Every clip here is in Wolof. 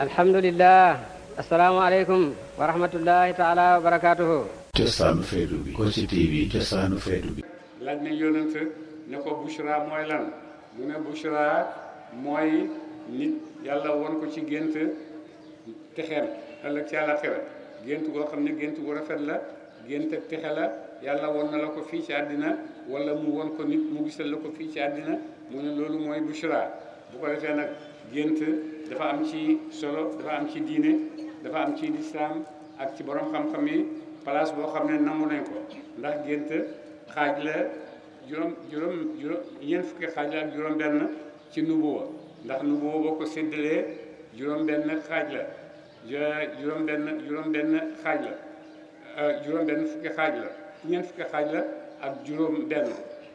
الحمد لله السلام عليكم ورحمة الله تعالى وبركاته جسان فيدوبي كوشي تي في جسان فيدوبي لن يونت نكو بشرى موي لان من بشرى موي نيت يالا وون كو سي گنت تخير الله تعالى خير گنت كو خامني گنت كو رافet la gënt ak texe la yàlla won na la ko fii ci àddina wala mu won ko nit mu gisal la ko fii ci bu ko defee nag gént dafa am ci solo dafa am ci diine dafa am ci lislaam ak ci borom xam-xam yi place boo xam ne nangu nañ ko ndax gént xaaj la juróom juróom juróom ñeent ci nubuwa ndax nubuwa ko séddalee juróom la juróom benn juróom benn xaaj la euh, la ñeent fukki xaaj la ak juróom benn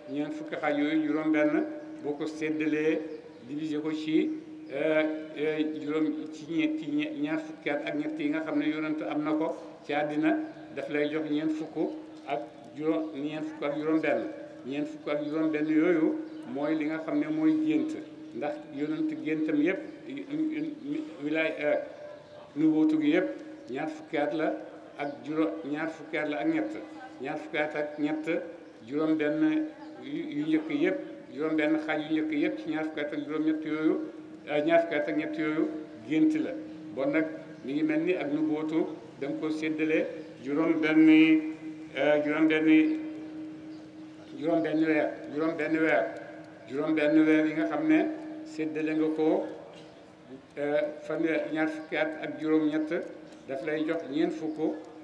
ñeent fukki xaaj yooyu juróom benn boo ko séddalee divisé ko ci euh, euh, juróom ci ñe ci ñaar fukki ak ñett yi nga xam ne yonent am na ko ci àddina daf lay jox ñeent fukk ak juróom fukk ak juróom-benn ñeent fukk ak juróom-benn yooyu mooy li nga xam ne mooy gént ndax yonent géntam yëpp wilaay euh, nubuutu gi yëpp ñaar fukki la ak juróom ñaar fukki la ak ñett ñaar fukki ak ñett juróom-benn yu njëkk yëpp. juróom-benn xaaj yu njëkk yëpp ci ñaar fukki ak juróom-ñett yooyu euh, ñaar fukki ak ñett yooyu gént la bon nag mi ngi mel ni ak nu bootu da ko séddale juróom-benn euh, juróom-benn juróom-benn weer juróom-benn weer yi nga xam ne séddale nga ko euh, fanweer ñaar fukki at ak juróom-ñett daf lay jox ñeent fukk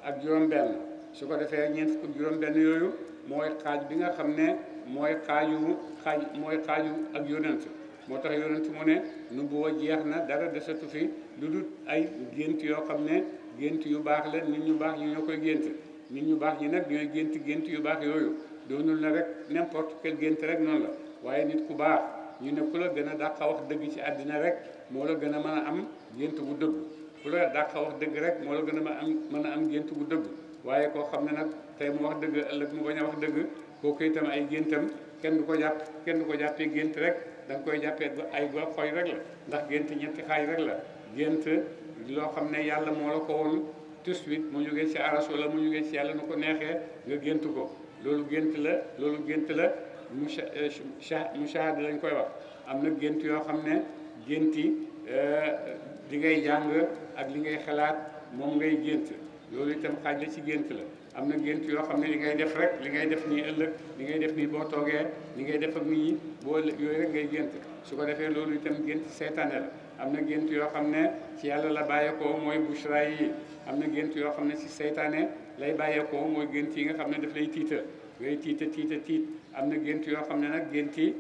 ak juróom-benn. su ko defee ñeent fukk ak juróom benn yooyu mooy xaaj bi nga xam ne mooy xaaju xaaj mooy xaaju ak yonent moo tax yonent mu ne nubuwa jeex na dara desatu fi lu dul ay gént yoo xam ne gént yu baax la nit ñu baax ñi ñoo koy gént nit ñu baax ñi nag ñooy gént gént yu baax yooyu doonul na rek n'importe quel gént rek noonu waaye nit ku baax ñu ne ku la gën a dàqa wax dëgg ci àddina rek moo la gën a mën a am gént bu dëgg ku la dàqa wax dëgg rek moo la gën a mën am mën a am gént bu dëgg waaye koo xam ne nag tey mu wax dëgg ëllëg mu bañ wax dëgg kooku itam ay géntam kenn du ko jàpp kenn ko jàppee gént rek da koy jàppee ay go xoy rek la ndax gént ñetti xaaj rek la gént loo xam ne yàlla moo la ko woon tout suite mu jógee ci aras la mu jógee ci yàlla na ko neexee nga gént ko loolu gént la loolu gént la mushahada euh, lañ koy wax am na gént yoo xam ne gént yi li euh, ngay jàng ak li ngay xalaat moom ngay gént loolu itam xaaj la ci gént la am na gént yoo xam ne li ngay def rek li ngay def nii ëllëg li ngay def nii boo toogee li ngay def ak nit ñi yooyu rek ngay gént su ko defee loolu itam gént seytaane la am na gént yoo xam ne ci yàlla la bàyyeekoo mooy bushra yi am na gént yoo xam ne ci seytaane lay bàyyeekoo mooy gént yi nga xam ne daf lay tiita ngay tiita tiita tiit am na gént yoo xam ne nag gént yi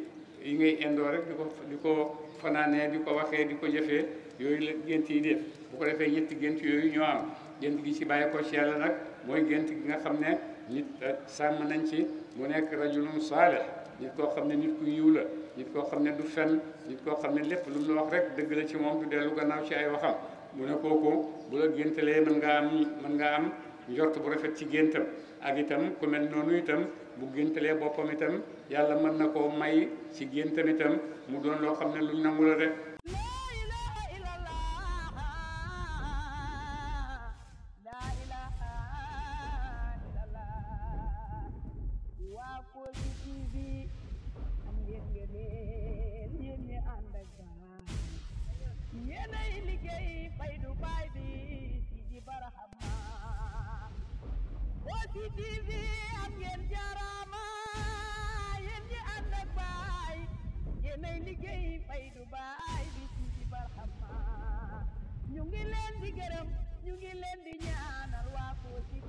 yi ngay indoo rek di ko fanaanee di ko waxee di ko jëfee yooyu la gént yi def bu ko defee ñetti gént yooyu ñoo am gént gi ci bàyyi ko ci yàlla nag mooy gént gi nga xam ne nit euh, sàmm nañ ci mu nekk rajulun saalih nit koo xam ne nit ku yiw la nit koo xam ne du fen nit koo xam ne lépp lu mu la wax rek dëgg la ci moom du dellu gannaaw ci ay waxam mu ne kooku bu la géntalee mën nga am mën nga am njort bu rafet ci géntam ak itam ku mel noonu itam bu géntalee boppam itam yàlla mën na koo may ci géntam itam mu doon loo xam ne luñ nangu la rek Kossy TV am ngeen jaaraama yéen ñi ànd baay yéenay liggéey fay du baay bi ci barxama ñu ngi gërëm ñu ngi leen di ñaanal waa Kossy